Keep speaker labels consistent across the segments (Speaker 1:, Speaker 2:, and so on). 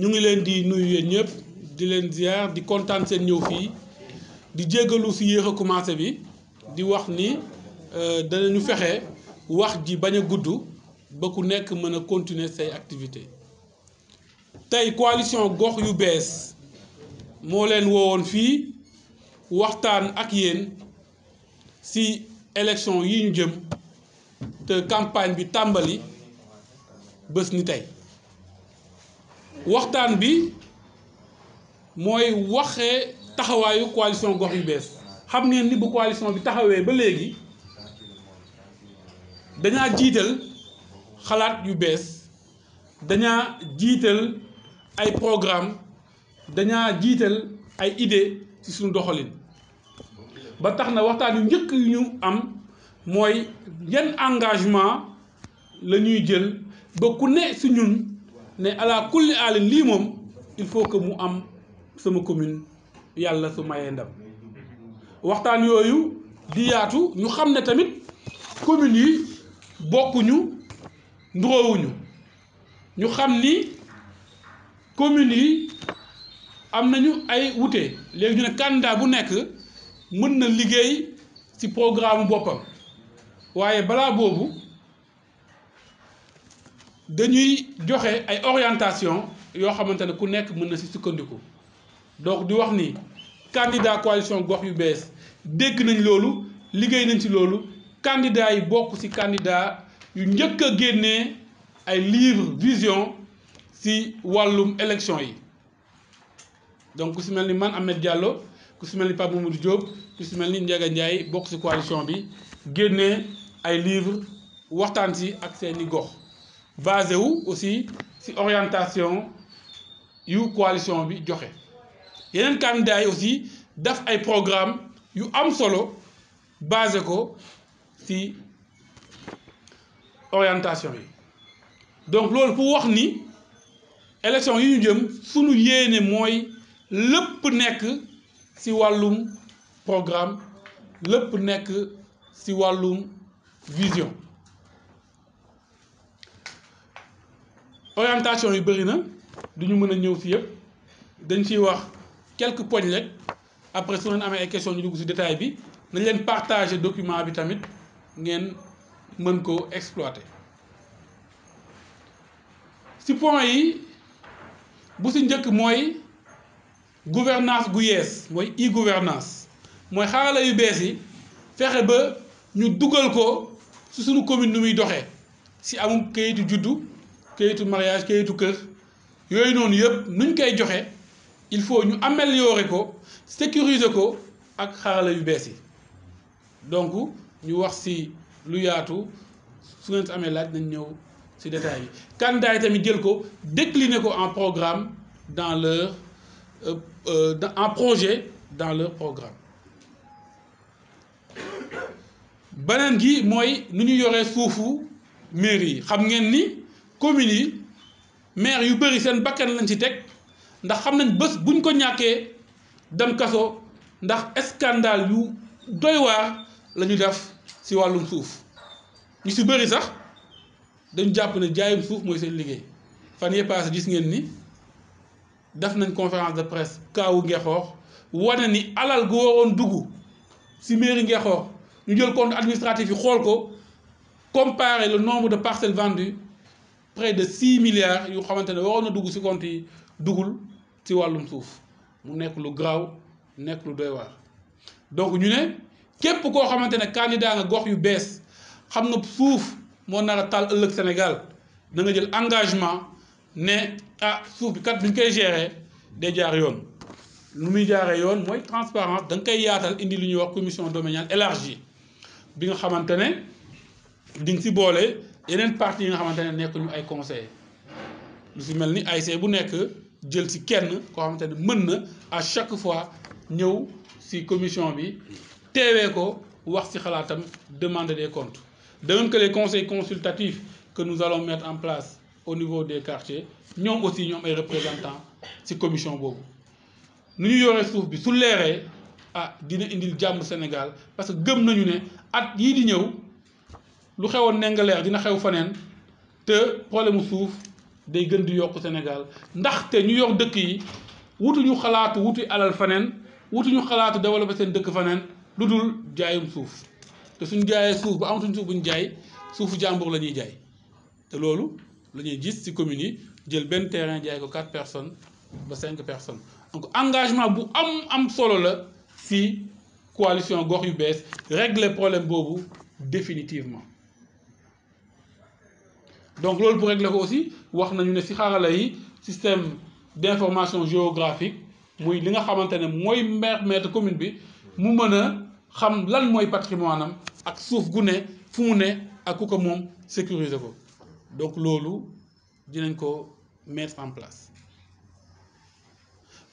Speaker 1: ñu ngi leen di nuyu yéen ñëpp di leen ziar di kontaan seen ñëw fii di jéggalu si yéex a commencé bi di wax ni euh, danañu fexe wax ji bañ a gudd ba ku nekk mën a continuer say activité tey coalition gox yu bees moo leen woowoon fii waxtaan ak yéen ci élection yi ñu jëm te campagne bi tàmbali bés ni tey waxtaan bi mooy waxee taxawaayu coalition gox yu bees xam ngeen ni bu coalition bi taxawee ba léegi dañaa jiital xalaat yu bees dañaa jiital ay programme dañaa jiital ay idée ci suñu doxalin ba tax na waxtaan yu njëkk yu ñu am mooy yenn engagement la ñuy jël ba ku ne si ñun ne ala kulli alin lii moom il faut que mu am sama commune yàlla su mayee ndam waxtaan yooyu di yaatu ñu xam ne tamit commune yi bokkuñu nduroowuñu ñu xam ni commune yi am nañu ay wute léegi ñu ne candidat bu nekk mën na liggéey ci programme boppam waaye balaa boobu dañuy joxe ay orientation yoo xamante ne ku nekk mën na ci sukkandiku donc di wax ni candidat coalition gox yu bees dégg nañ loolu liggéey nañ ci loolu candidat yi bokk ci candidat yu njëkk a génnee ay livre vision si wàllum élection yi donc ku si mel ni man am Ahmed Diallo ku si mel ni Pape Mamadou Diop ku si mel ni njege Ndiaye bokk si coalition bi génnee ay livres waxtaan si ak seeni gox basé wu aussi si orientation yu coalition bi joxe yeneen candidats yi aussi daf ay programme yu am solo basé ko si orientation yi donc loolu pour wax ni. élection yi ñu jëm suñu yéene mooy lépp nekk ci wàllum programme lépp nekk ci wàllum vision orientation yu bëri na duñu mën a ñëw fi yëpp dañ ciy wax quelques points rek après su leen amee ay questions ñu dugg ci détail bi nañ leen partager document bi tamit ngeen mën ko exploiter ci point yi bu si njëkk mooy gouvernance gu yees mooy e-gouvernance mooy xarala yu bees yi fexe ba ñu dugal ko su sunu commune nu muy doxee si amul këyitu juddu kayitu mariage kayitu kër yooyu noonu yëpp nuñ koy joxe il faut ñu améliorer ko sécuriser ko ak xarala yu bees yi donc ñu wax si lu yaatu su ngeen amee laaj nañ ñëw si détails bi candidat yi tamit jël ko décliner ko en programme dans leur euh, euh, en projet dans leur programme beneen gi mooy nu ñu yoree suufu mairie yi xam ngeen ni communes yi maire yu bëri seen bakkan lañ ci teg ndax xam nañ bés buñ ko ñàkkee dem ndax scandale yu doy waar la ñu def si wàllum suuf ñu si bëri sax dañu jàpp ne jaayum suuf mooy seen liggéey fan yee passé gis ngeen ni def nañ conférence de presse kaawu Ngexoox wane ni alal gu waroon dugg si mairie Ngexoox ñu jël compte administratif yi xool ko comparer le nombre de parcelle vendues près de six milliards yu xamante ne waroon na dugg si compte yi duggul ci wàllum suuf mu nekk lu garaaw nekk lu doy waar donc ñu ne képp koo xamante ne candidat nga gox yu bees xam nga suuf moo nar a taal ëllëg Sénégal da jël engagement ne ah suuf bi kat bi ñu koy gérer day jaar yoon lu muy jaaree yoon mooy transparence danga koy yaatal indi lu ñuy wax commission domaniale élargie bi nga xamante ne di si boole yeneen parti yi nga xamante ne nekkuñu ay conseil lu si mel ni ay AIC bu nekk jël si kenn koo xamante ne mën na à chaque fois ñëw si commission bi teewee ko wax si xalaatam demander des comptes donc les conseils consultatifs que nous allons mettre en place au niveau des quartiers ñoom aussi ñoom ay représentant ci commission boobu nu ñu yoree suuf bi su leeree ah dina indil jàmm Sénégal parce que gëm nañu ne at yii di ñëw lu xewoon ne leer dina xew faneen te problème mu suuf day gën di yokk Sénégal ndaxte ñu yor dëkk yi wutuñu xalaatu wuti alal faneen wutuñu xalaatu développer seen dëkk faneen lu dul jaayum suuf te suñ jaayee suuf ba amatuñ suuf buñ jaay suufu jàmbur la ñuy jaay te loolu lañuy ñuy gis ci commune yi jël benn terrain jaay ko quatre personnes ba cinq personnes donc engagement bu am am solo la ci coalition gox yu bees régler problème boobu définitivement donc loolu pour régler ko aussi wax nañu ne ci xarala yi système d'information géographique muy li nga xamante ne mooy permettre commune bi mu mën a xam lan mooy patrimoine am ak suuf gune fu mu ne ak ku ko moom sécuriser ko donc loolu dinañ ko mettre en place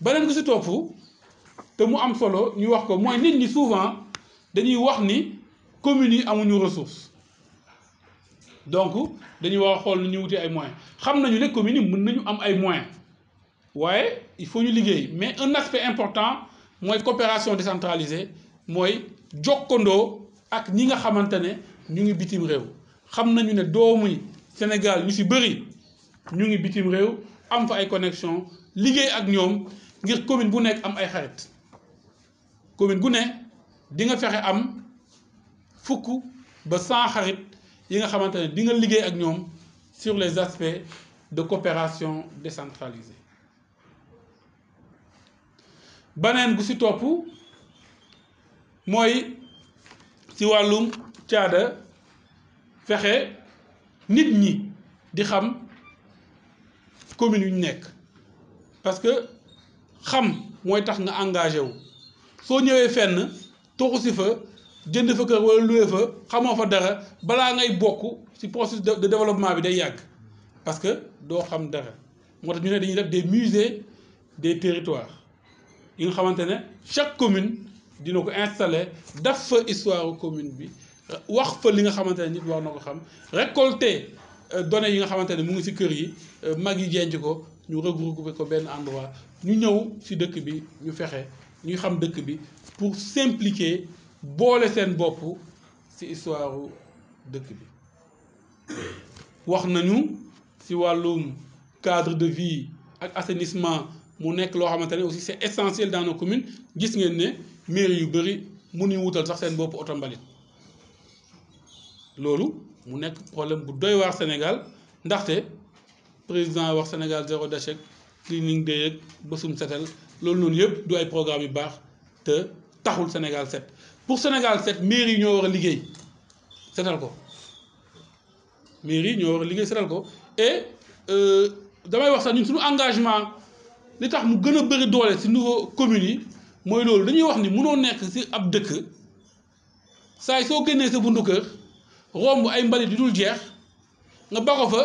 Speaker 1: beneen ko si topp te mu am solo ñu wax ko mooy nit ñi souvent dañuy wax ni communes yi amuñu ressource donc dañuy wax xool nu ñu wutee ay moyens xam nañu ne communes yi mën nañu am ay moyens waaye il faut ñu liggéey mais un aspect important mooy coopération décentralisée mooy jokkandoo ak ñi nga xamante ne ñu ngi bitim réew xam nañu ne doomu Sénégal ñu ci bëri ñu ngi bitim réew am fa ay connexion liggéey ak ñoom ngir commune bu nekk am ay xarit commune bu ne di nga fexe am fukk ba cent xarit yi nga xamante ne di nga liggéey ak ñoom sur les aspects de coopération décentralisée baneen gu ci topp mooy ci wàllum caada fexe nit ñi di xam commune yu ñu nekk parce que xam mooy tax nga engagé wu soo ñëwee fenn toxu si fa jënd fa kër wala loué fa xamoo fa dara balaa ngay bokk ci processus de développement bi day yàgg parce que doo xam dara moo tax ñu ne dañuy def des musées des territoires yi nga xamante ne chaque commune dina ko installer daf fa histoire commune bi wax fa li nga xamante ne nit war na ko xam récolter euh, données yi nga xamante ne mu ngi ci kër yi euh, mag yi jenc ko ñu regrouper ko benn endroit ñu ñëw ci dëkk bi ñu fexe ñuy xam dëkk bi pour s'impliquer boole seen bopp ci histoire dëkk bi wax nañu ci wàllum cadre de vie ak assainissement mu nekk loo xamante ne aussi c'est essentiel dans commune gis ngeen ne mairie yu bëri nuy wutal sax seen bopp oto mbalit loolu mu nekk problème bu doy waar Sénégal ndaxte président wax Sénégal zéro déchet cleaning day ak bësum setal loolu loolu yëpp du ay programme yu baax te taxul Sénégal set pour Sénégal set mairie yi ñoo war a liggéey setal ko mairie ñoo war a liggéey setal ko et euh, damay wax sax ñun suñu engagement li tax mu gën a bëri doole si nouveau communes yi mooy loolu dañuy wax ni munoo nekk ci ab dëkk saay soo génnee sa bundu kër romb ay mbalit yu dul jeex nga bako fa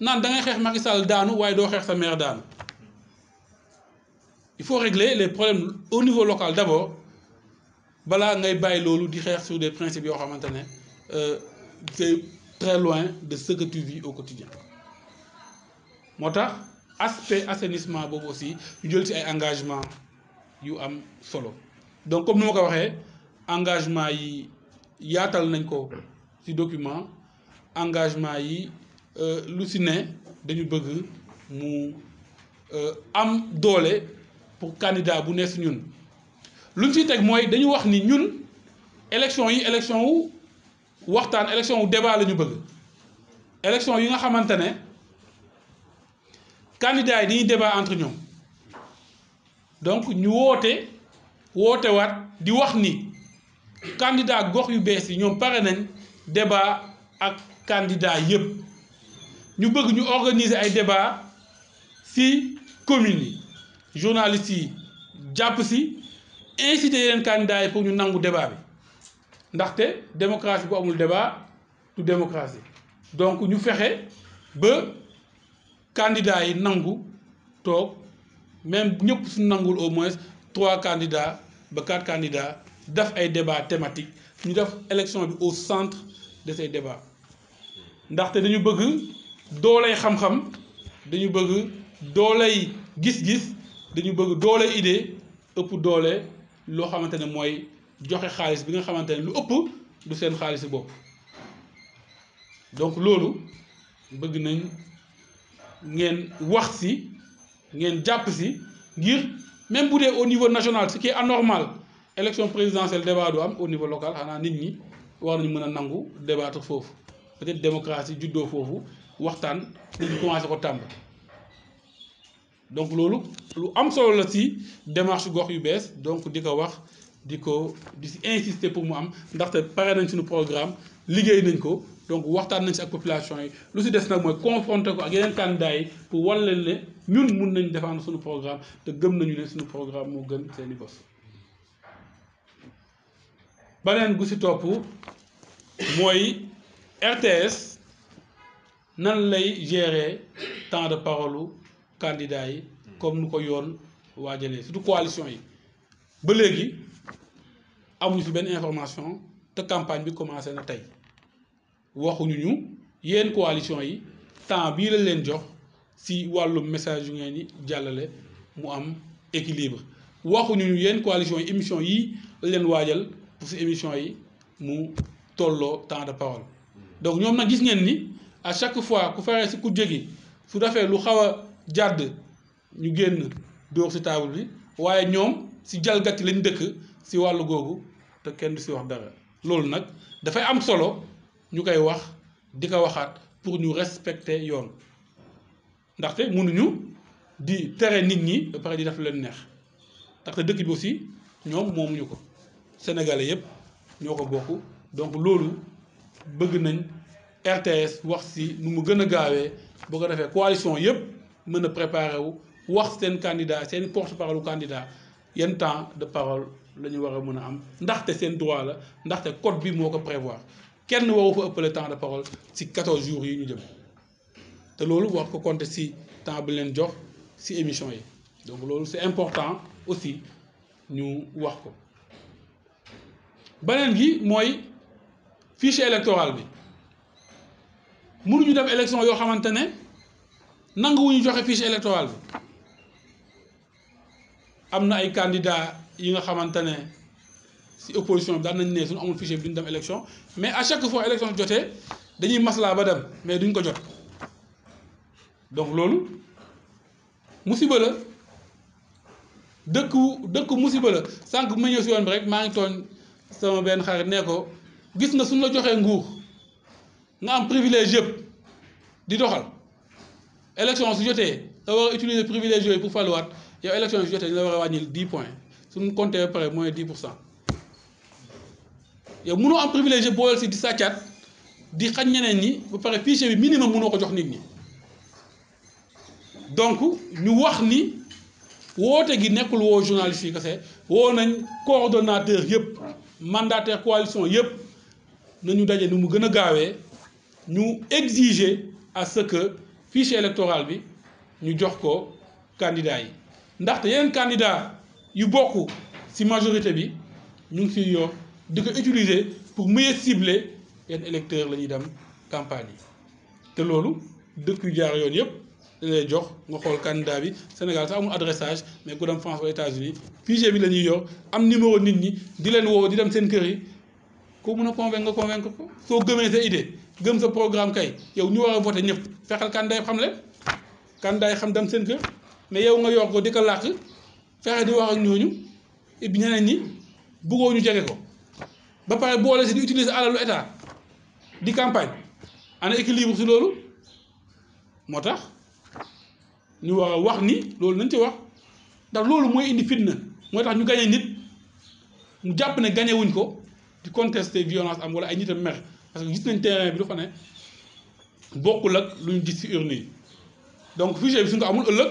Speaker 1: naan da xeex Macky Sall daanu waaye doo xeex sa maire daanu il faut régler les problèmes au niveau local d'abord balaa ngay bàyyi loolu di xeex sur des principes yoo xamante ne euh, c'est très loin de ce que tu vis au quotidien moo tax aspect assainissement boobu aussi ñu jël ci ay engagement yu am solo donc comme ni ma ko waxee engagement yi yaatal nañ ko ci document engagement yi euh, lu ci ne dañu bëgg mu euh, am doole pour candidat bu ne ci ñun lu ñu ciy teg mooy dañu wax ni ñun élection yi élection wu waxtaan élection wu débat la ñu bëgg élection yi nga xamante ne candidat yi dañuy débat entre ñoom donc ñu woote woote waat di wax ni candidat gox yu bees yi ñoom pare nañ débat ak candidat yëpp ñu bëgg ñu organiser ay débat ci commune yi journalistes yi jàpp ci inciter yeneen candidats yi pour ñu nangu débat bi ndaxte démocratie bu amul débat du démocratie donc ñu fexe ba candidats yi nangu toog même ñëpp su nangul au moins trois candidats ba quatre candidats def ay débats thématiques ñu def élection bi au centre de ces débats ndaxte dañu bëgg dooley xam-xam dañu bëgg dooley gis-gis dañu bëgg dooley idée ëpp doole loo xamante ne mooy joxe xaalis bi nga xamante ne lu ëpp du seen xaalisu bopp donc loolu bëgg nañ ngeen wax si ngeen jàpp si ngir même bu dee au niveau national si ki est anormal élection présidentielle débat am au niveau local xanaa nit ñi war nañu mën a nangu débattre foofu peut-être démocratie juddoo foofu waxtaan nit ñi commencé ko tàmb donc loolu lu am solo la si démarche gox yu bees donc di ko wax di ko di si insister pour mu am ndaxte pare nañ suñu programme liggéey nañ ko donc waxtaan nañ si ak population yi lu si des nag mooy confronté ko ak yeneen candidats yi pour wan ne ñun mun nañ defaan suñu programme te gëm nañu ne suñu programme moo gën seeni i bos. baneen gu si topp mooy RTS nan lay gérer temps de parole candidats yi comme nu ko yoon waajalee surtout coalition yi ba léegi amuñu fi benn information te campagne bi commencé na tey. waxuñu ñu yéen coalition yi temps bii lañ leen jox si wàllu message yu ngeen di jàllale mu am équilibre waxuñu ñu yéen coalition yi émission yii lañ leen waajal pour si émission yi mu tolloo temps de parole. donc ñoom nag gis ngeen ni à chaque fois ku faree si ku jegi su defee lu xaw a jàdd ñu génn dóor si taabul bi waaye ñoom si jalgati lañ dëkk si wàllu googu te kenn du si wax dara loolu nag dafay am solo. ñu koy wax di ko waxaat pour ñu respecter yoon ndaxte mënuñu di tere nit ñi ba pare di def leen neex ndaxte dëkk bi aussi ñoom moomuñu ko sénégalais yëpp ñoo ko bokk donc loolu bëgg nañ RTS wax si nu mu gën a gaawee boo ko defee coalition yëpp mën a préparer wu wax seen candidat seen porte parole candidat yenn temps de parole la ñu war a mën a am ndaxte seen droit la ndaxte code bi moo ko prévoir kenn waru fa ëppale temps de parole si 14 jours yi ñu jëm te loolu wax ko compter si temps bi leen jox si émission yi donc loolu c'est important aussi ñu wax ko beneen gi mooy fiche électorale bi mënuñu dem élection yoo xamante ne nanguwuñu joxe fiche électorale bi am na ay candidats yi nga xamante ne ci opposition bi daan nañ su suñu amul fichier bi duñ dem élection mais à chaque fois élection jotee dañuy maslaa ba dem mais duñ ko jot donc loolu musiba la dëkku dëkku musiba la sànq bu ma ñëw si yoon bi rek maa ngi tooñ sama benn xarit nee ko gis nga suñ la joxee nguur nga am privilège yëpp di doxal élection su jotee nga war a utiliser privilège yooyu pour faluwaat yow élection su jotee ñu la war a wàññil 10 points suñ compté ba pare moins pour cent yow mënoo am privilégié booyal si di sàccaat di xañ ñeneen ñi ba pare fichier bi minimum mënoo ko jox nit ñi donc ñu wax ni woote gi nekkul woo journaliste yi woo nañ coordonnateur yëpp mandataire coalition yëpp nañu daje ni mu gën a gaawee ñu exiger à ce que fichier bi ñu jox ko candidat yi ndaxte yeneen candidat yu bokk ci majorité bi ñu ngi ciy yor di ko utiliser pour mieux cibler yenn électeurs la ñuy dem campagne yi te loolu dëkk yu jaar yoon yëpp da jox nga xool candidat bi Sénégal sax amul adressage mais ko dem France wala États-Unis fichier bi la ñuy yor am numéro nit ñi di leen woo di dem seen kër yi ko mun a convaincre nga convaincre ko soo gëmee sa idée gëm sa programme kay yow ñu war a voté ñëpp fexeel candidat yi xam leen candidat yi xam dem seen kër mais yow nga yor ko di ko làq fexe ñooñu et puis ñeneen bëggoo ñu jege ko. ba pare boole si di utiliser alalu état di campagne ana équilibre si loolu moo tax ñu war euh, wax ni loolu nañ ci wax ndax loolu mooy indi fitna moo tax ñu gañee nit mu jàpp ne gañe wuñ ko di contester violence am wala ay nitam mer parce que gis nañ terrain bi lu fa ne bokkul ak lu ñu gis si urne yi donc fichier bi su nga amul ëllëg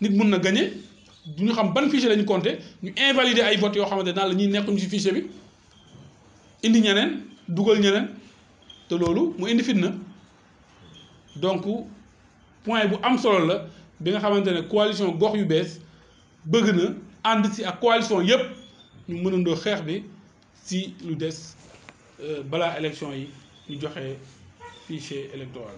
Speaker 1: nit mun na gañe du ñu xam ban fichier la ñu ñu invalider ay vote yoo xamante ne la ñuy nekkuñu si fichier bi. indi ñeneen dugal ñeneen te loolu mu indi fitna donc point bu am solo la bi nga xamante ne coalition gox yu bees bëgg na ànd si ak coalition yépp ñu mënandoo xeex bi si lu des euh, balaa élection yi ñu joxe fichier électoral